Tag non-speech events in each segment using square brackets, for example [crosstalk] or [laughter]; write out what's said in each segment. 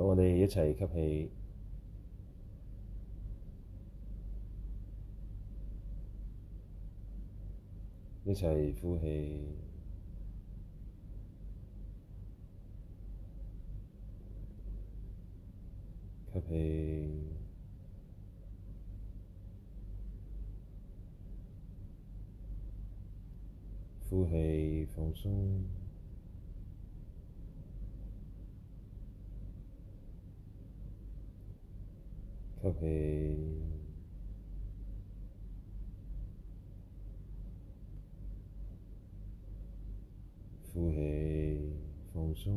等我哋一齊吸氣，一齊呼氣，吸氣，呼氣，放鬆。吸氣，呼氣，放鬆。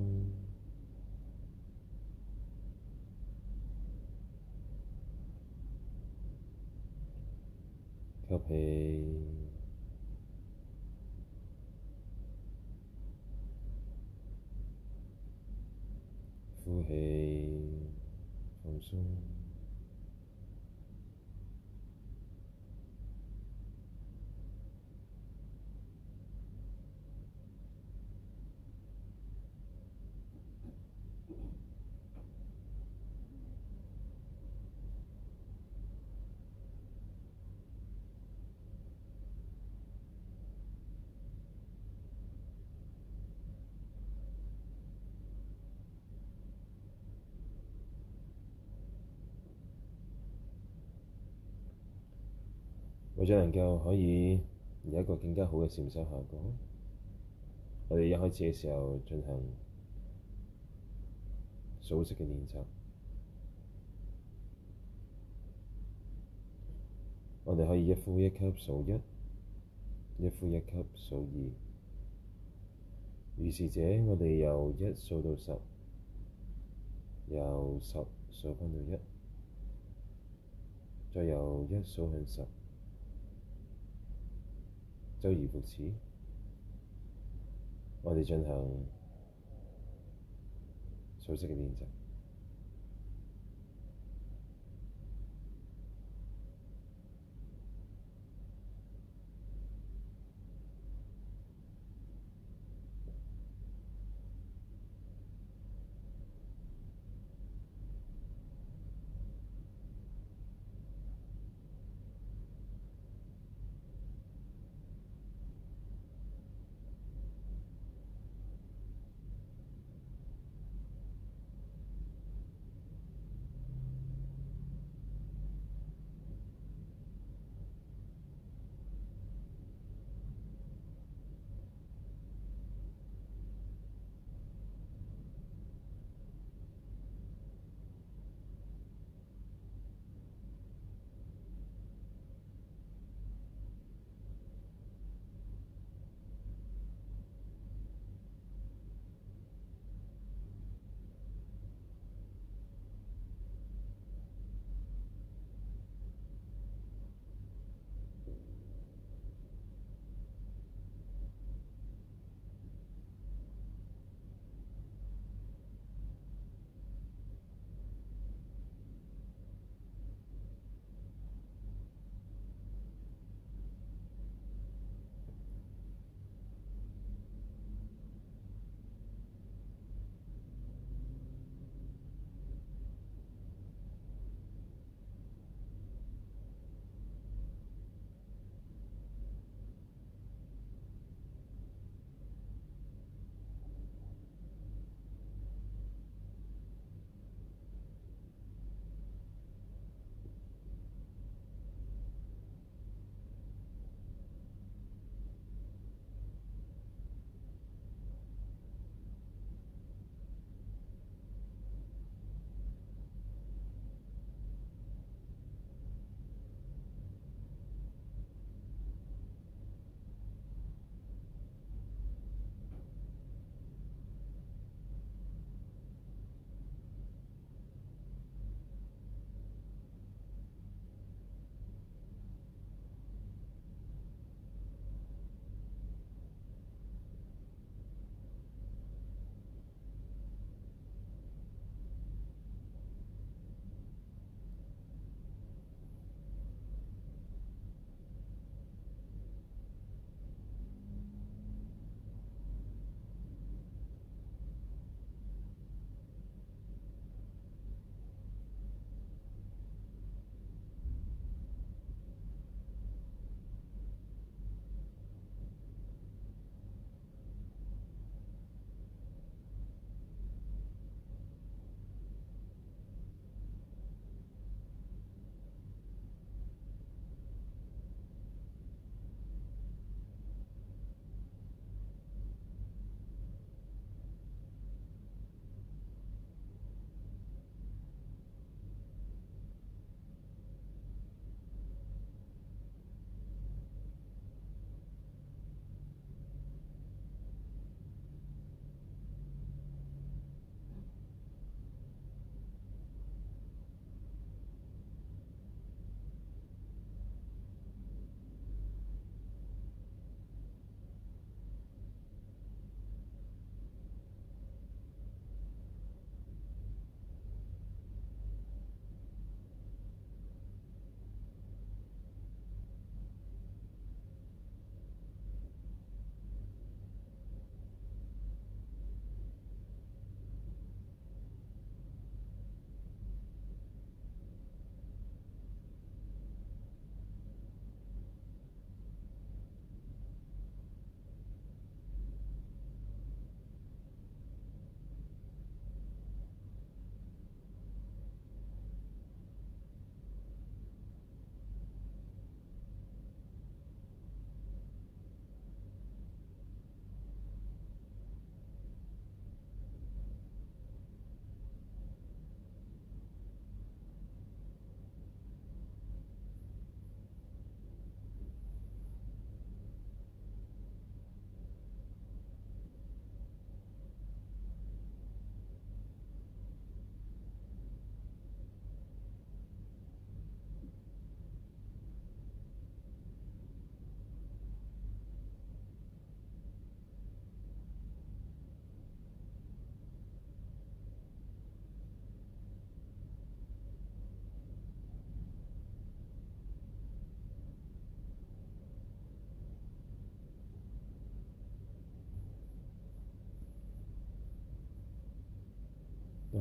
吸氣，呼氣，放鬆。能夠可以有一個更加好嘅練習效果。我哋一開始嘅時候進行數息嘅練習，我哋可以一呼一吸數一，一呼一吸數二。於是者，我哋由一數到十，由十數返到一，再由一數向十。周而復始，我哋進行數息嘅練習。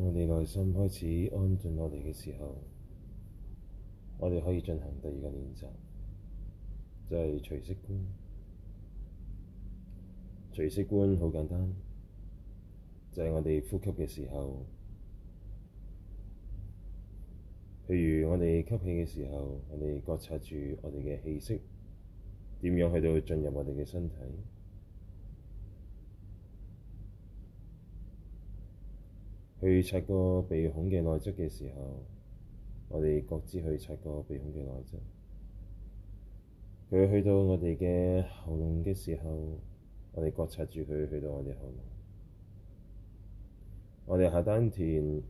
當我哋內心開始安靜落嚟嘅時候，我哋可以進行第二個練習，就係隨息觀。隨息觀好簡單，就係我哋呼吸嘅時候，譬如我哋吸氣嘅時候，我哋覺察住我哋嘅氣息點樣去到進入我哋嘅身體。去擦個鼻孔嘅內側嘅時候，我哋覺察去擦個鼻孔嘅內側。佢去到我哋嘅喉嚨嘅時候，我哋覺察住佢去到我哋喉嚨。我哋下丹田，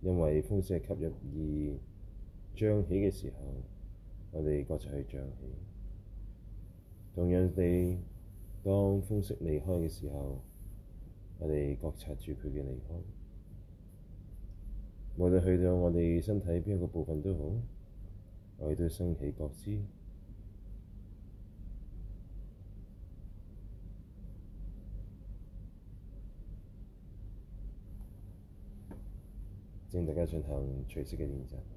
因為風息吸入而脹起嘅時候，我哋覺察去脹起。同樣地，當風息離開嘅時候，我哋覺察住佢嘅離開。無論去到我哋身體邊一個部分都好，我哋都升起覺知，請大家進行隨息嘅練習。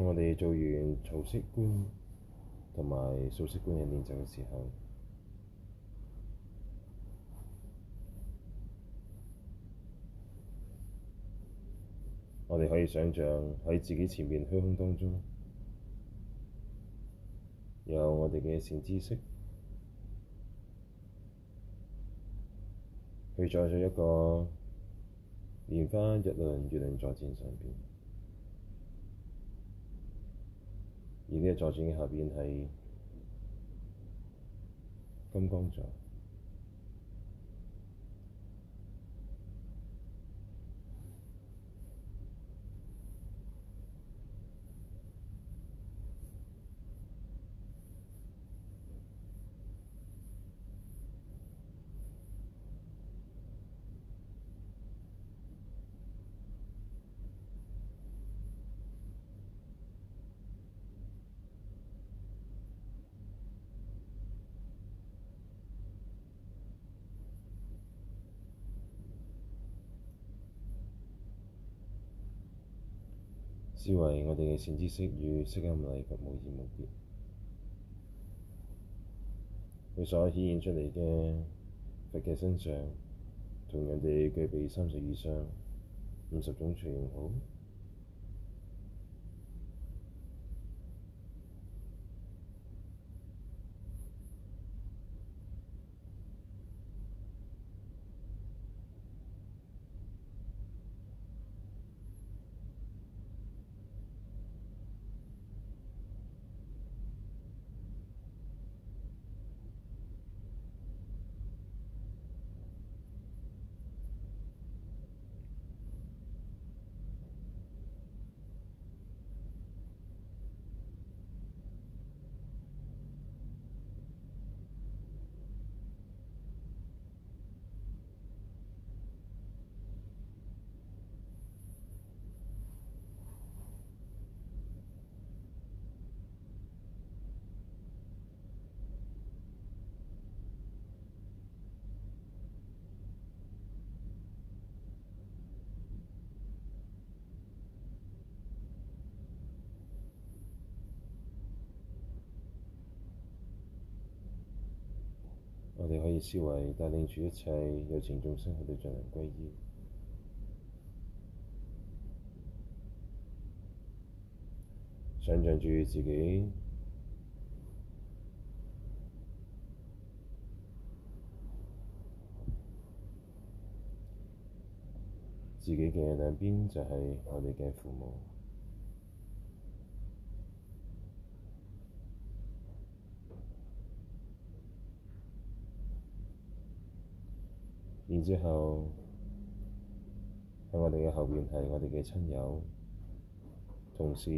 當我哋做完曹式觀同埋素式觀嘅練習嘅時候，我哋可以想像喺自己前面虛空當中有我哋嘅善知識，佢坐咗一個蓮花、日輪、月輪在箭上邊。而呢個左轉嘅下邊係金剛座。視為我哋嘅善知識與適堪禮及無二無別。佢所顯現出嚟嘅佛嘅身相，同人哋具備三十二相、五十種隨形好。智慧帶領住一切有情眾生去到人歸依，想像住自己，自己嘅兩邊就係我哋嘅父母，之後喺我哋嘅後邊係我哋嘅親友、同事、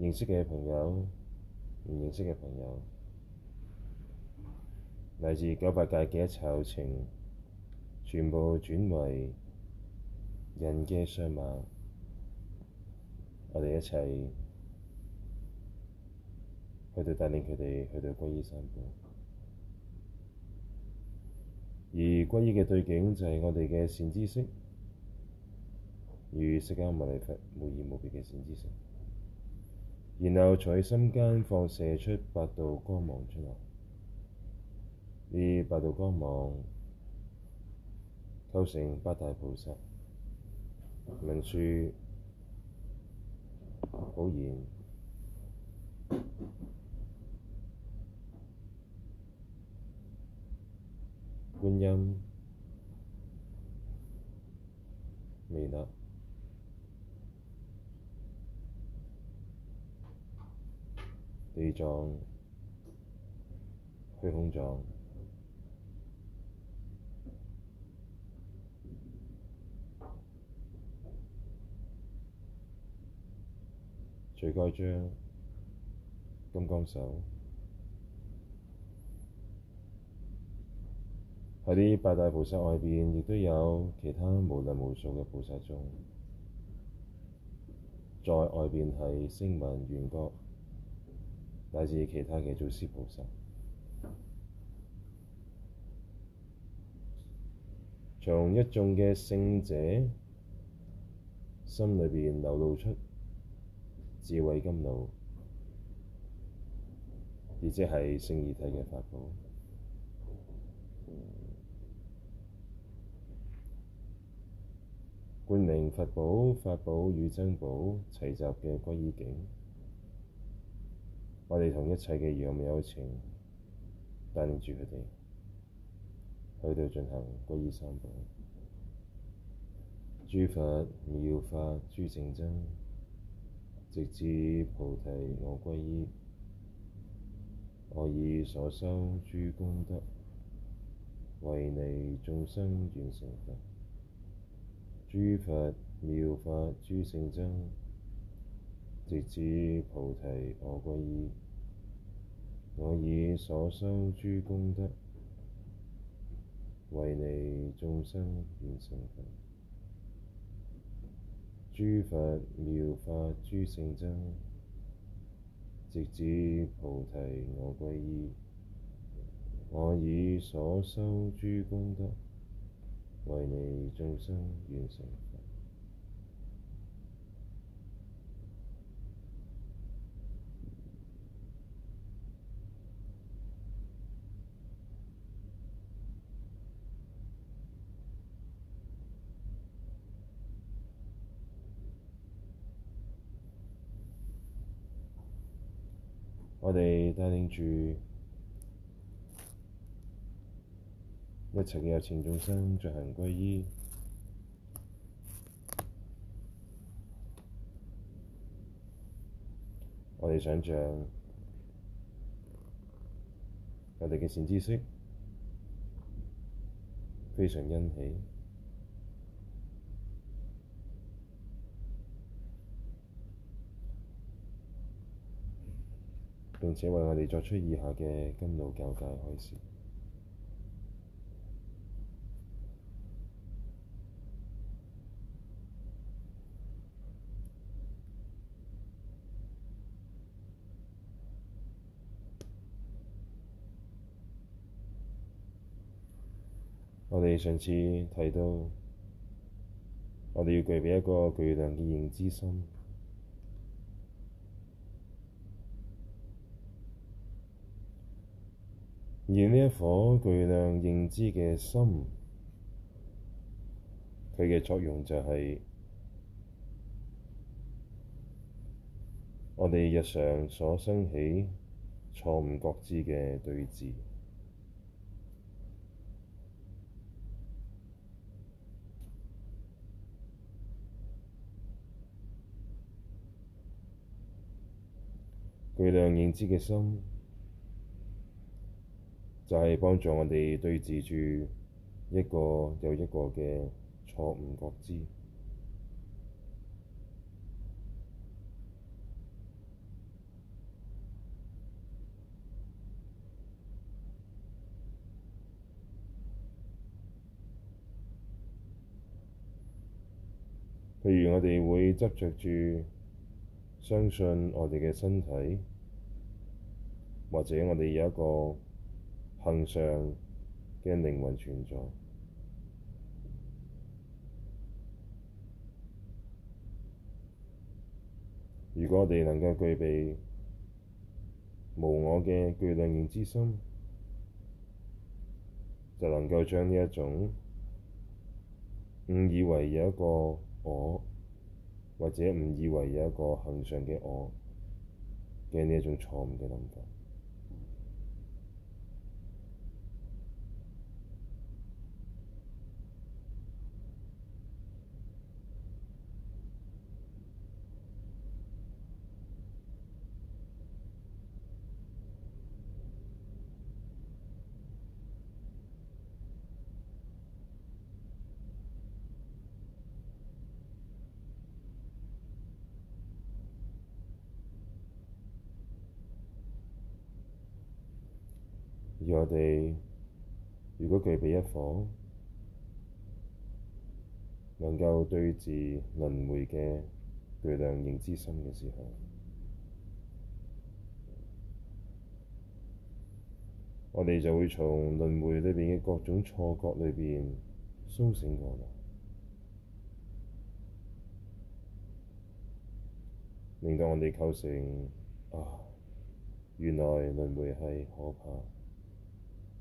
認識嘅朋友、唔認識嘅朋友，嚟自九八界嘅一切有情，全部轉為人嘅相貌，我哋一齊去到帶領佢哋去到歸依山。而皈依嘅對境就係我哋嘅善知識，如釋迦牟尼佛無二無別嘅善知識。然後在心間放射出八道光芒出來，呢八道光芒構成八大菩薩文殊、普賢、觀音、彌勒、地藏、虛空藏、除蓋障、金剛手。喺啲八大菩薩外邊，亦都有其他無量無數嘅菩薩中，在外邊係聲聞、緣覺乃至其他嘅祖師菩薩，從一眾嘅聖者心裏邊流露出智慧甘露，亦即係聖義體嘅法寶。冠名佛寶、法寶與僧寶齊集嘅皈依境，我哋同一切嘅有情，帶領住佢哋去到進行皈依三寶，諸佛妙法，諸聖僧，直至菩提我皈依，我以所修諸功德，為利眾生完成佛。諸佛妙法諸聖僧，直至菩提我歸依。我以所修諸功德，為利眾生便成佛。諸佛妙法諸聖僧，直至菩提我歸依。我以所修諸功德。為你終生完成， [noise] 我哋聽住，一切嘅有情眾生進行歸依，我哋想像，我哋嘅善知識非常欣喜，並且為我哋作出以下嘅甘露教誡開示。上次提到，我哋要具備一個巨量嘅認知心，而呢一顆巨量認知嘅心，佢嘅作用就係、是、我哋日常所生起錯誤覺知嘅對治。具量認知嘅心，就係、是、幫助我哋對治住一個又一個嘅錯誤覺知。譬如我哋會執著住。相信我哋嘅身體，或者我哋有一個恒常嘅靈魂存在。如果我哋能夠具備無我嘅巨量見之心，就能夠將呢一種誤以為有一個我，或者誤以為有一個恆常嘅我嘅呢一種錯誤嘅諗法。我哋如果具備一顆能夠對治輪迴嘅巨量認知心嘅時候，我哋就會從輪迴裏邊嘅各種錯覺裏邊甦醒過來，令到我哋構成啊，原來輪迴係可怕。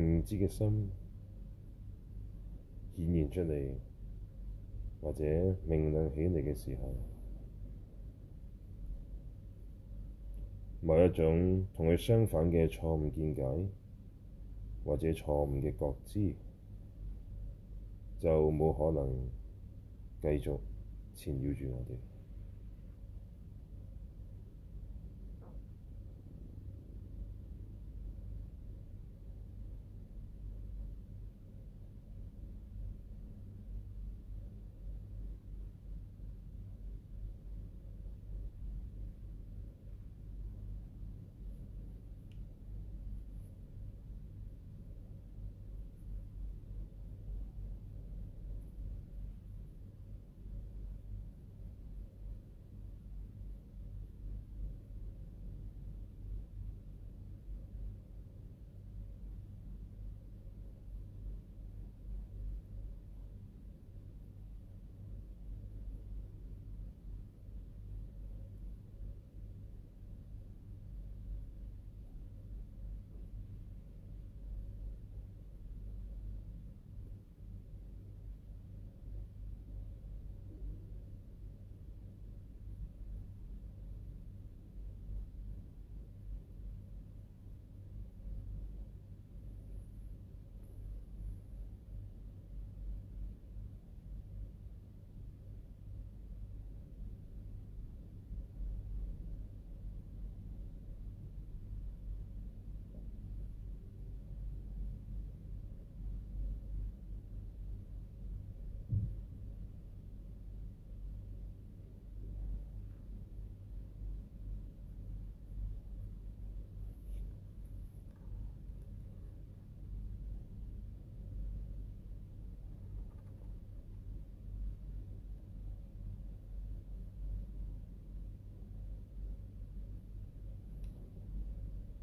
明知嘅心顯現出嚟，或者明亮起嚟嘅時候，某一種同佢相反嘅錯誤見解，或者錯誤嘅覺知，就冇可能繼續纏繞住我哋。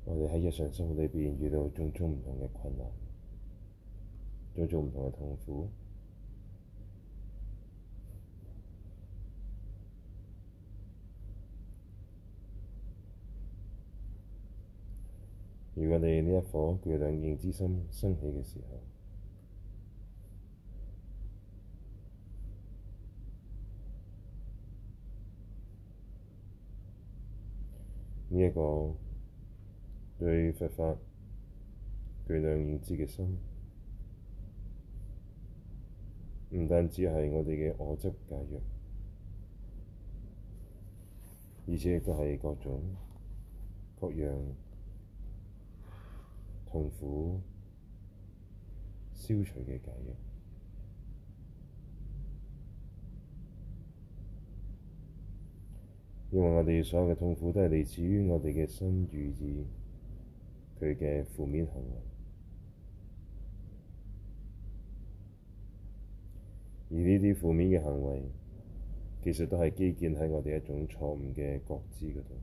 我哋喺日常生活裏邊遇到種種唔同嘅困難，種種唔同嘅痛苦。 [noise] 如果你呢一顆具兩刃之心升起嘅時候，呢、這、一個。對佛法具量認知嘅心，唔單止係我哋嘅我執解藥，而且亦都係各種各樣痛苦消除嘅解藥，因為我哋所有嘅痛苦都係嚟自於我哋嘅心愚意。佢嘅負面行為，而呢啲負面嘅行為，其實都係基建喺我哋一種錯誤嘅覺知嗰度。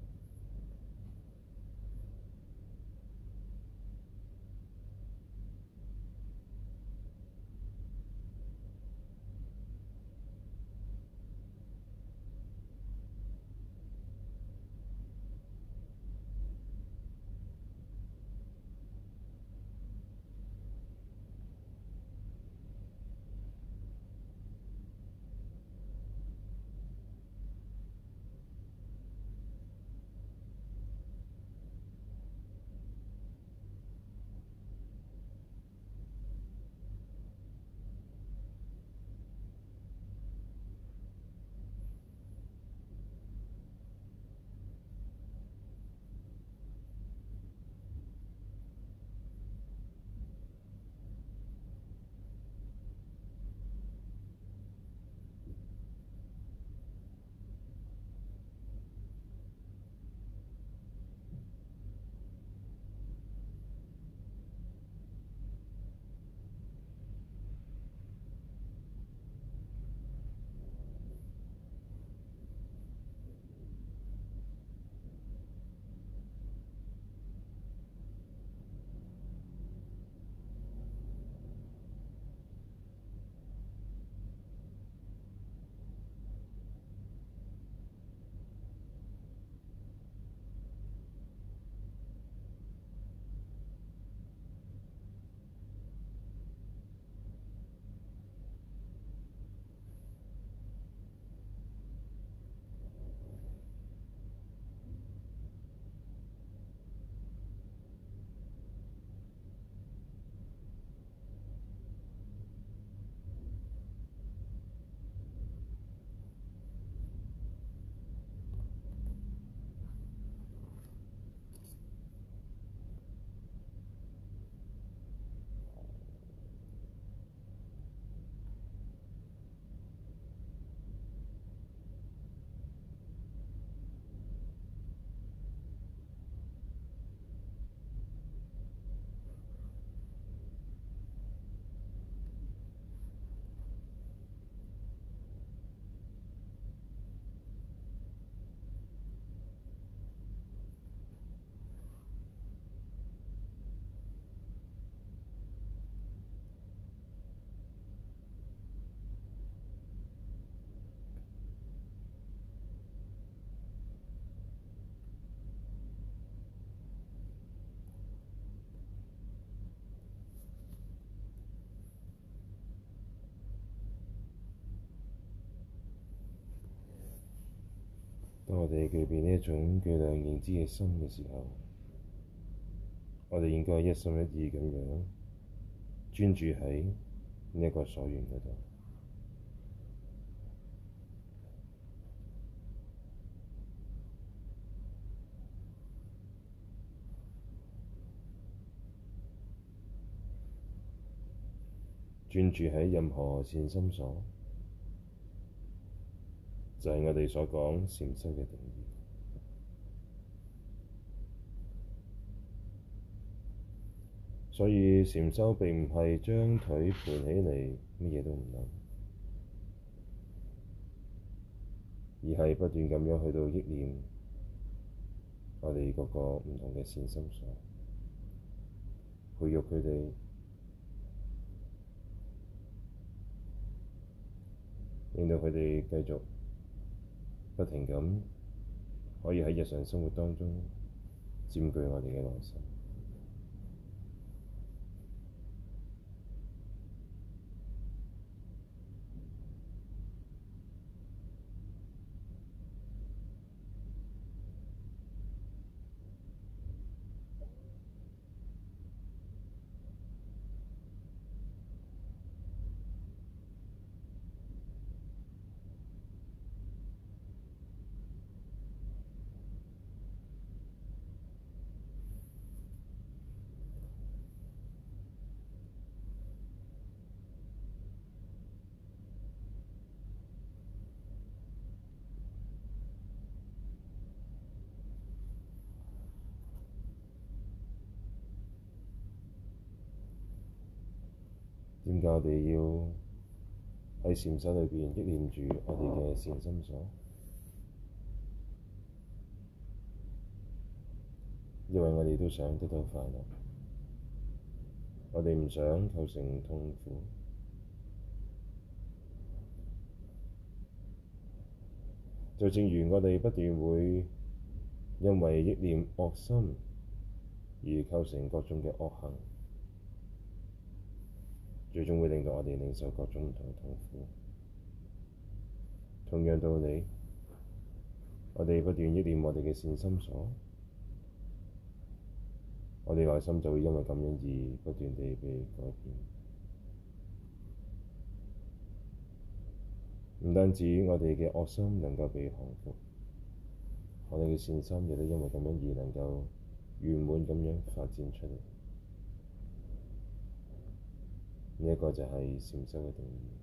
我哋具備呢一種巨量認知嘅心嘅時候，我哋應該一心一意咁樣專注喺呢一個所緣嗰度，專注喺任何善心所。就係我哋所講禪修嘅定義，所以禪修並唔係將腿盤起嚟，乜嘢都唔諗，而係不斷咁樣去到憶念我哋各個唔同嘅善心所，培育佢哋，令到佢哋繼續。不停咁可以喺日常生活當中佔據我哋嘅內心。我哋要喺禪修裏邊憶念住我哋嘅善心所，因為我哋都想得到快樂，我哋唔想構成痛苦。就正如我哋不斷會因為憶念惡心而構成各種嘅惡行。最終會令到我哋領受各種唔同嘅痛苦。同樣道理，我哋不斷喐動我哋嘅善心所，我哋內心就會因為咁樣而不斷地被改變。唔單止我哋嘅惡心能夠被降服，我哋嘅善心亦都因為咁樣而能夠圓滿咁樣發展出嚟。呢一個就係禪修嘅定義。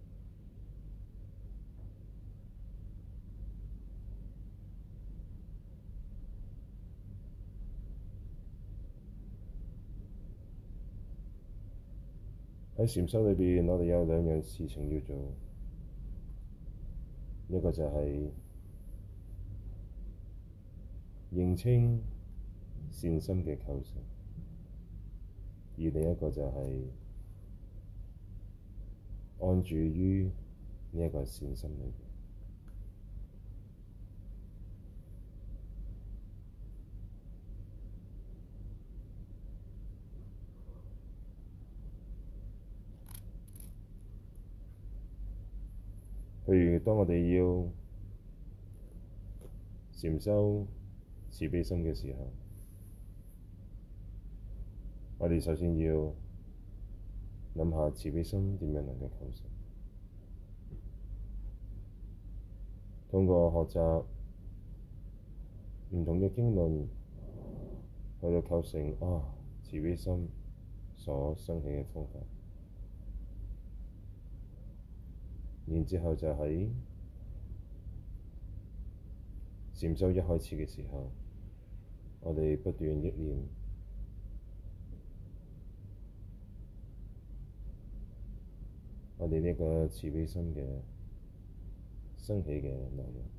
喺禪修裏邊，我哋有兩樣事情要做。一個就係認清善心嘅構成，而另一個就係、是。安住於呢一個善心裏面，譬如當我哋要禪修慈悲心嘅時候，我哋首先要。諗下慈悲心點樣能夠構成？通過學習唔同嘅經論，去到構成啊慈悲心所生起嘅方法。然之後就喺禪修一開始嘅時候，我哋不斷憶念。我哋呢個慈悲心嘅升起嘅內容。 [noise] [noise]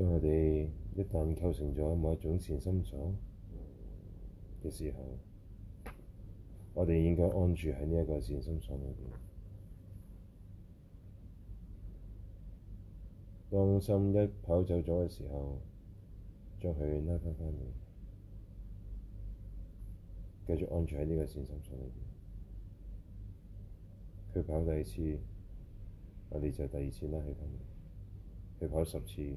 當我哋一旦構成咗某一種善心所嘅時候，我哋應該安住喺呢一個善心所裏邊。當心一跑走咗嘅時候，將佢拉翻翻嚟，繼續安住喺呢個善心所裏邊。佢跑第二次，我哋就第二次拉佢翻嚟。佢跑十次。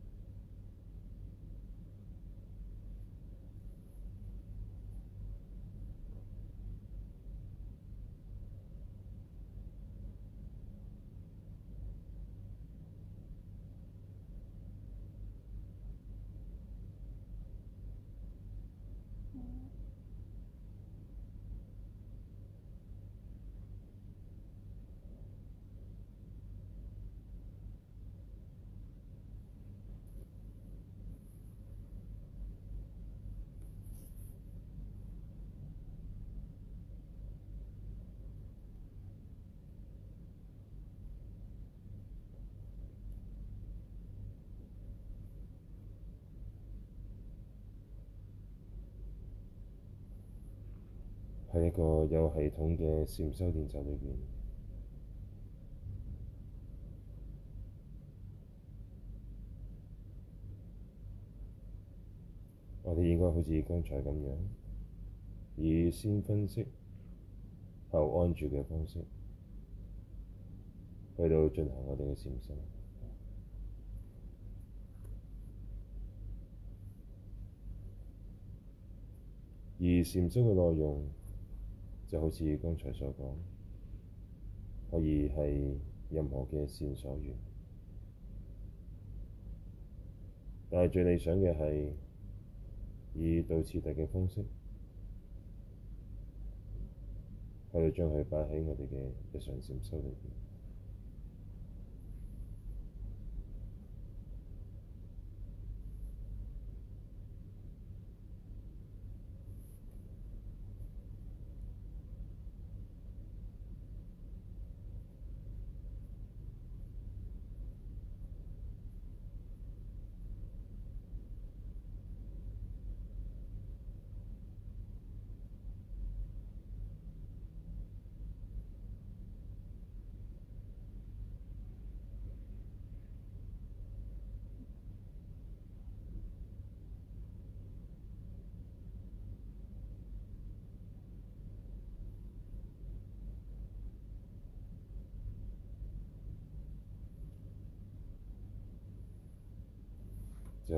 一個有系統嘅禪修練習裏邊，我哋應該好似剛才咁樣，以先分析後安住嘅方式去到進行我哋嘅禪修，而禪修嘅內容，就好似剛才所講，可以係任何嘅禪修所緣，但係最理想嘅係以道次第嘅方式去將佢擺喺我哋嘅日常禪修裏邊。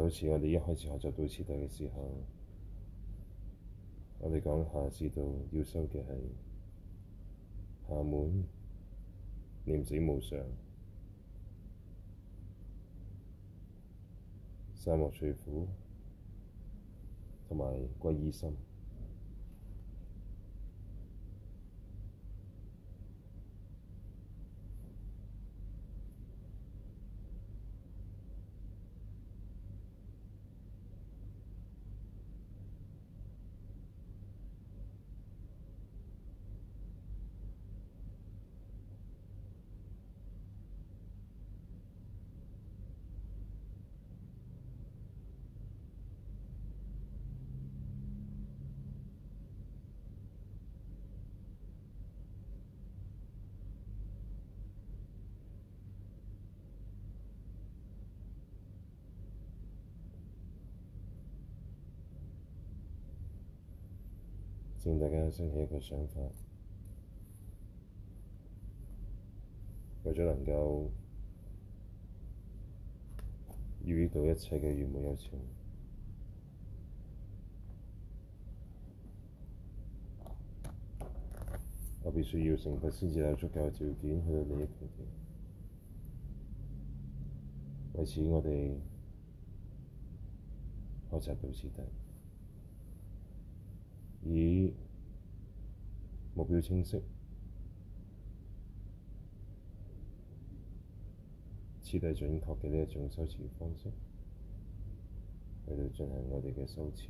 好似我哋一開始學習道次第嘅時候，我哋講下士道要修嘅係暇滿、念死無常、三惡趣苦同埋皈依心。請大家升起一個想法，為咗能夠遇到一切嘅完美有情，我必須要成佛先至有足夠嘅條件去到利益團體。為此，我哋學習到此地。以目標清晰、徹底準確嘅呢一種修持方式，喺度進行我哋嘅修持。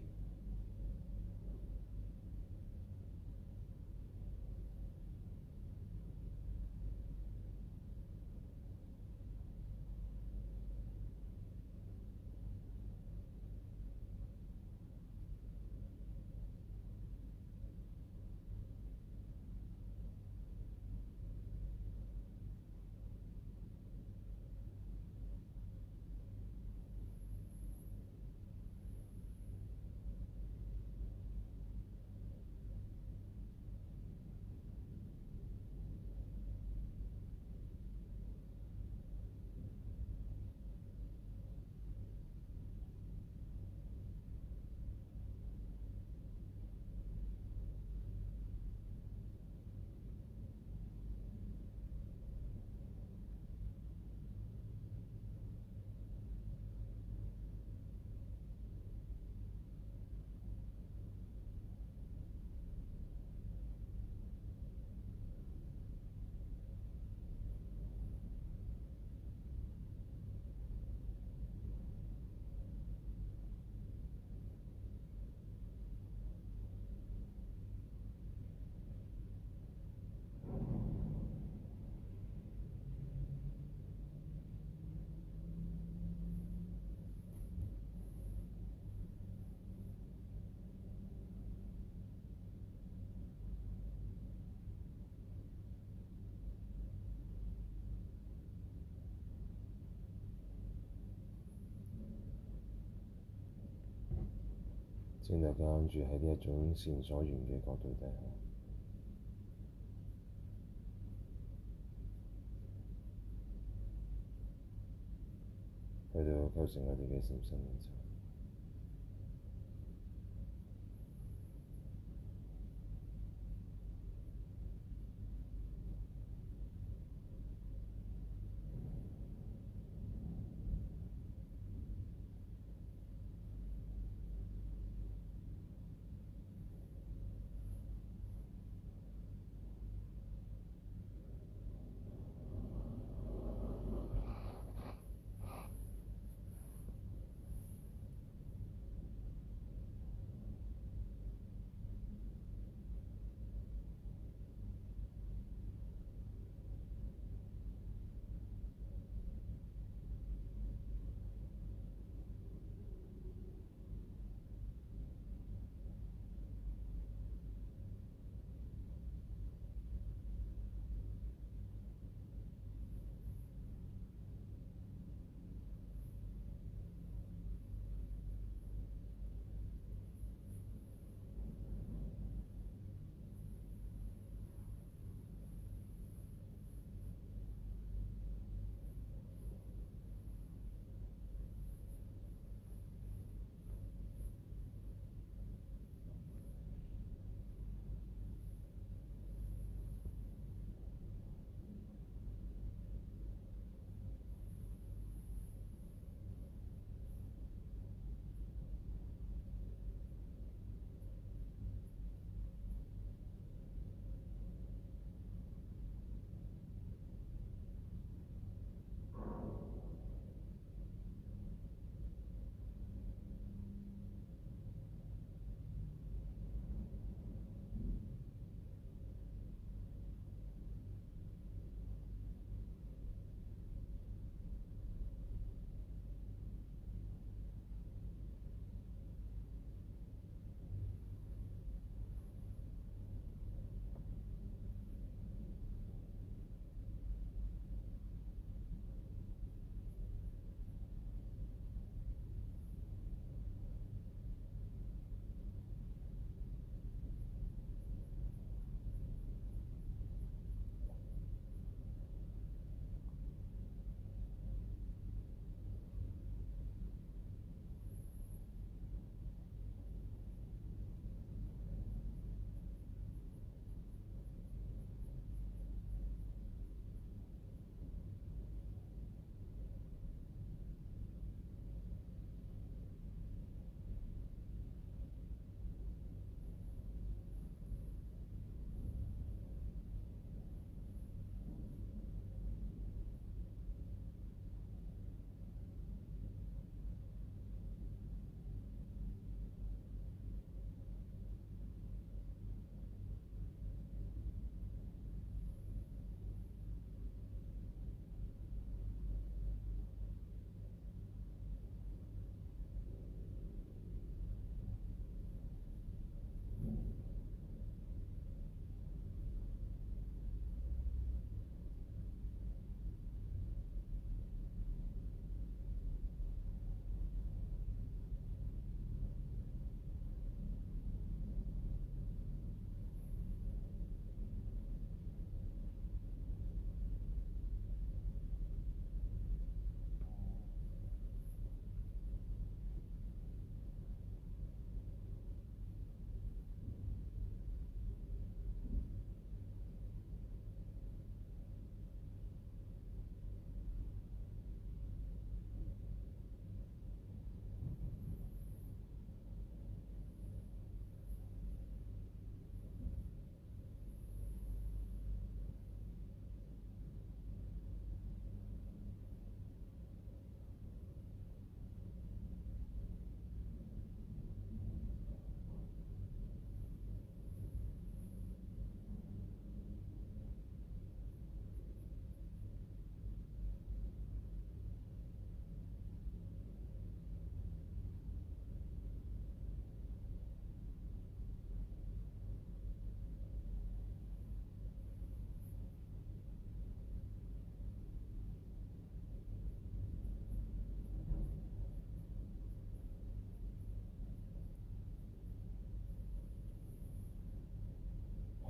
正流嘅按住喺呢一種線索源嘅角度底下，佢哋會構成我哋嘅心身。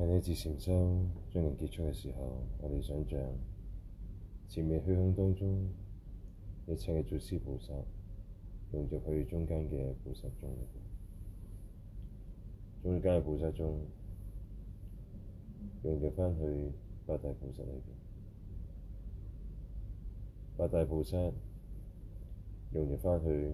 喺呢次禪修將近結束嘅時候，我哋想象前面虛空當中，一切嘅祖師菩薩融入去中間嘅菩薩中，中間嘅菩薩中融入翻去八大菩薩裏邊，八大菩薩融入翻去。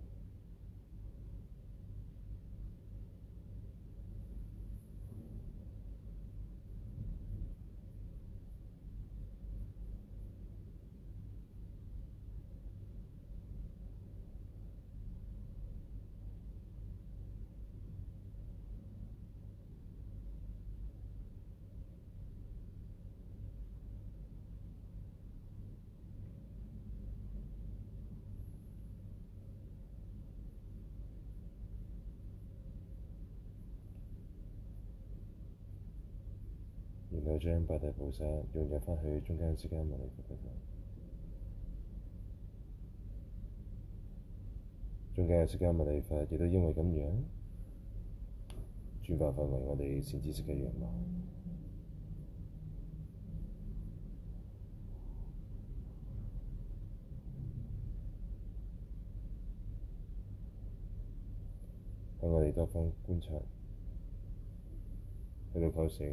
再將八大菩薩用入返去中間釋迦牟尼佛嘅度，中間嘅釋迦牟尼佛亦都因為咁樣轉化翻為我哋善知識嘅樣貌，喺 [noise] 我哋多方觀察，去到構成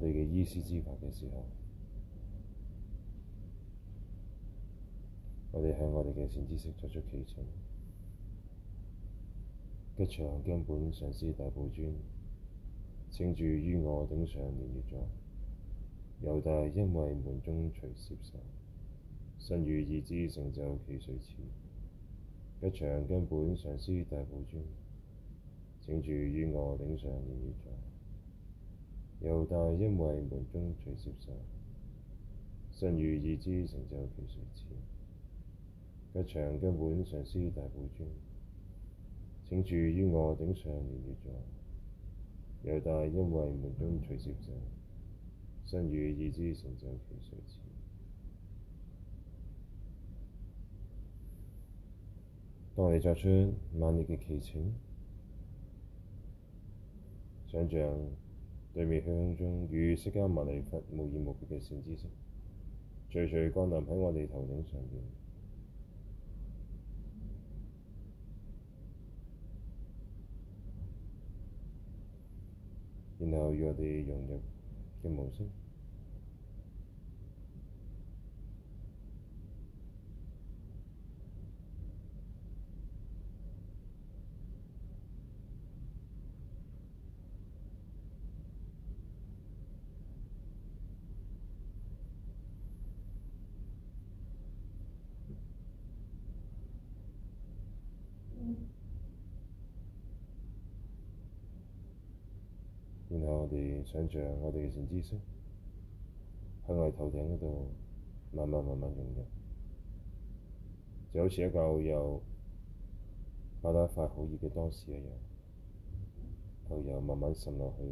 我哋嘅依止之法嘅時候，我哋向我哋嘅善知識作出祈請：吉祥根本上師大寶尊，請住於我頂上蓮月座。由大因為門中隨攝受，身遇意之成就祈水池。吉祥根本上師大寶尊，請住於我頂上蓮月座。又大，因為門中取攝神，神如意之成就，其誰似？吉祥根本上師大寶尊，請住於我頂上，年月座。又大，因為門中取攝神，神如意之成就，其誰似？當你作出萬億嘅祈請，想像。對面香中，與釋迦牟尼佛無異無別嘅善知識，徐徐降臨喺我哋頭頂上面，然後與我哋融入嘅模式。想像我哋嘅善知識喺我哋頭頂嗰度，慢慢慢慢融入，就好似一嚿牛油化得一塊好熱嘅當時一樣，牛油慢慢滲落去，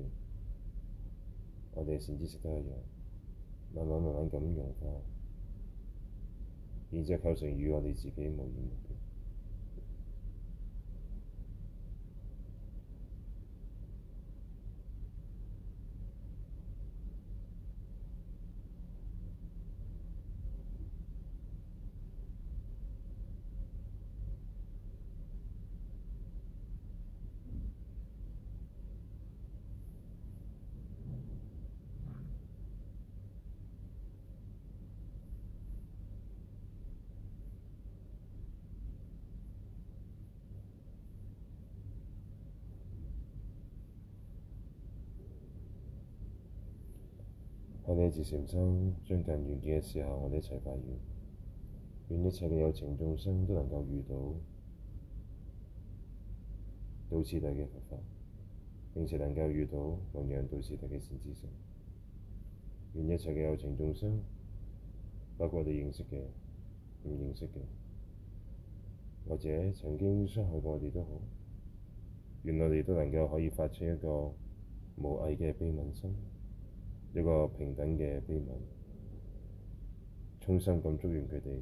我哋善知識都一樣，慢慢慢慢咁融化，然之後構成與我哋自己無染。喺你哋自善心將近完結嘅時候，我哋一齊發願，願一切嘅有情眾生都能夠遇到道次第嘅佛法，並且能夠遇到同樣道次第嘅善知識。願一切嘅有情眾生，包括我哋認識嘅、唔認識嘅，或者曾經傷害過我哋都好，原來你都能夠可以發出一個無畏嘅悲憫心。呢個平等嘅悲憫，衷心咁祝願佢哋，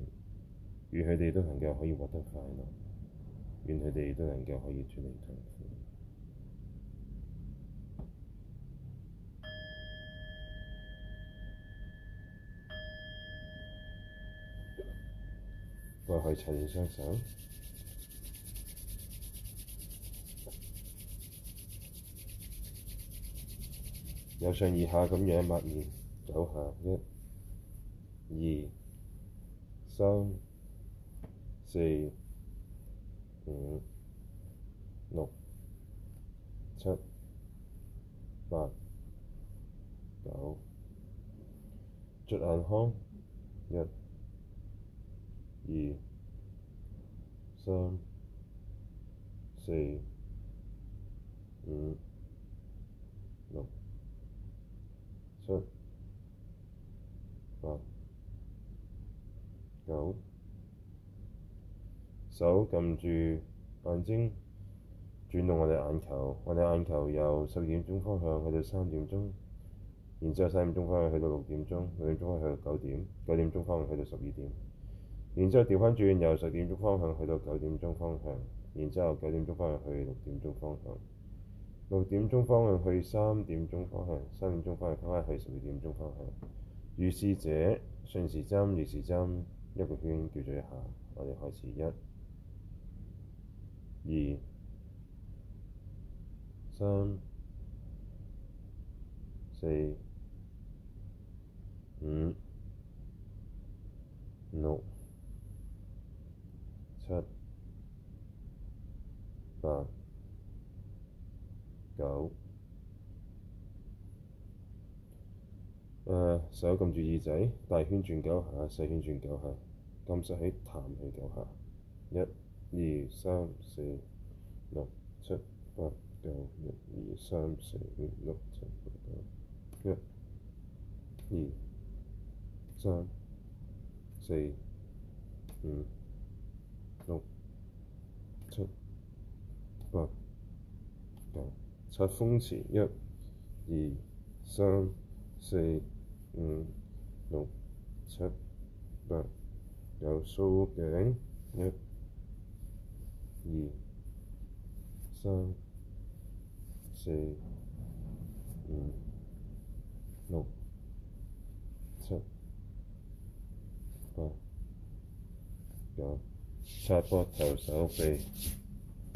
願佢哋都能夠可以獲得快樂，願佢哋都能夠可以脫離痛苦，為佢哋擦亮雙手。由上而下咁樣抹面，走下一、二、三、四、五、六、七、八、九，捽眼眶，一、二、三、四、五。七、八、九，手撳住眼睛，轉動我哋眼球，我哋眼球由十點鐘方向去到三點鐘，然之後三點鐘方向去到六點鐘，六點鐘方向去到九點，九點鐘方向去到十二點，然之後調翻轉由十點鐘方向去到九點鐘方向，然之後九點鐘方向去六點鐘方向。六點鐘方向去三點鐘方向，三點鐘方向翻去十二點鐘方向。如是者順時針、逆時針一個圈叫做一下。我哋開始一、二、三、四、五、六、七、八。九、呃，手撳住耳仔，大圈轉九下，細圈轉九下，撳實起，彈起九下，一、二、三、四、六、七、八、九、一、二、三、四、六、七、八、九、一、二、三、四、五、六、七、八、九。擦風池，一、二、三、四、五、六、七、八。有梳頸，一、二、三、四、五、六、七、八、九。擦膊頭、手臂。